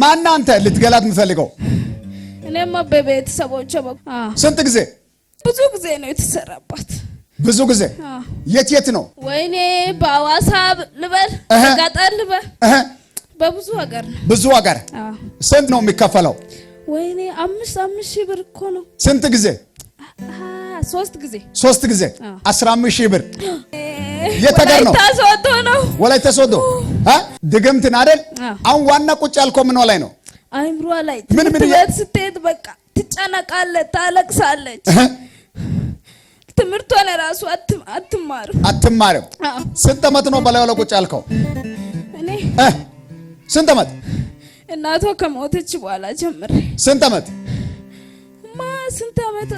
ማናንተ ልትገላት የምትፈልገው? እኔማ በቤተሰቦቼ ስንት ጊዜ ብዙ ጊዜ ነው የተሰራባት። ብዙ ጊዜ የት የት ነው? ወይኔ በአዋሳ ልበል፣ ገጠር ልበል፣ በብዙ ሀገር ነው። ብዙ ሀገር ስንት ነው የሚከፈለው? ወይኔ አምስት አምስት ሺህ ብር እኮ ነው። ስንት ጊዜ? ሶስት ጊዜ ሶስት ጊዜ አስራ አምስት ሺህ ብር። የት ሀገር ነው? ወላይታ ሶዶ ነው። ወላይታ ሶዶ ድግምትን አይደል? አሁን ዋና ቁጭ ያልከው ምኗ ላይ ነው? አይምሯ ላይ ምን ምን ስትሄድ በቃ ትጨነቃለች፣ ታለቅሳለች። ትምህርቷን ራሱ አትማርም አትማርም። ስንት ዓመት ነው በላዩ ላይ ቁጭ ያልከው? እኔ ስንት ዓመት እናቷ ከሞተች በኋላ ጀምሬ ስንት ዓመት ማ ስንት ዓመት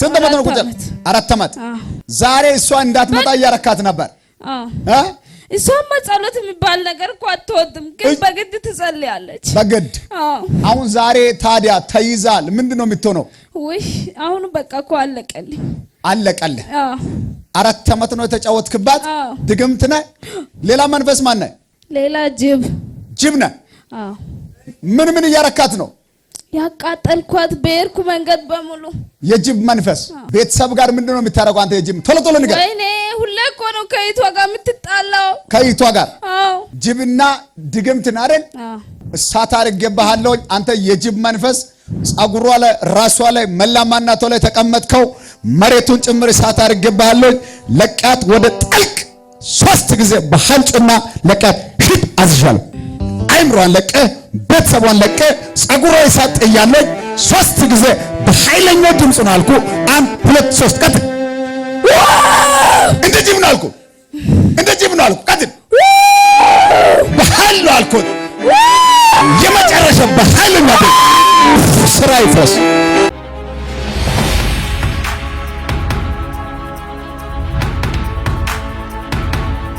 ስንት ዓመት ነው ቁጭ አራት ዓመት። ዛሬ እሷ እንዳትመጣ እያረካት ነበር። እሷማ ጸሎት የሚባል ነገር እኮ አትወድም፣ ግን በግድ ትጸልያለች። በግድ አሁን ዛሬ ታዲያ ተይዛል። ምንድን ነው የምትሆነው? ውይ አሁን በቃ እኮ አለቀልኝ፣ አለቀልህ። አራት ዓመት ነው የተጫወትክባት። ድግምት ነህ። ሌላ መንፈስ ማን ነህ? ሌላ ጅብ፣ ጅብ ነህ። ምን ምን እያረካት ነው? ያቃጠልኳት በሄድኩ መንገድ በሙሉ የጅብ መንፈስ። ቤተሰብ ጋር ምንድን ነው የምታረገው አንተ? የጅብ ቶሎ ቶሎ ንገር ነው ከይቷ ጋር የምትጣላው። ከይቷ ጋር ጅብና ድግምትን አይደል? እሳት አድርጌብሃለሁ። አንተ የጅብ መንፈስ ጸጉሯ ላይ ራሷ ላይ መላ ላይ ተቀመጥከው፣ መሬቱን ጭምር እሳት አድርጌብሃለሁ። ለቃት ወደ ጠልቅ ሶስት ጊዜ በሃንጩና ለቃት ሂድ አዝዣለሁ። አይምሯን ለቀ፣ ቤተሰቧን ለቀ፣ ጸጉሯ እሳት ጥያለች። ሶስት ጊዜ በኃይለኛው ድምፅ ነው አልኩ። አንድ ሁለት ሶስት ቀጥ ነው አልኩ። እንደ ጅብ ነው አልኩ። ቀጥል በኃይል ነው አልኩት። የመጨረሻ በኃይል ነው ስራ ይፍረስ።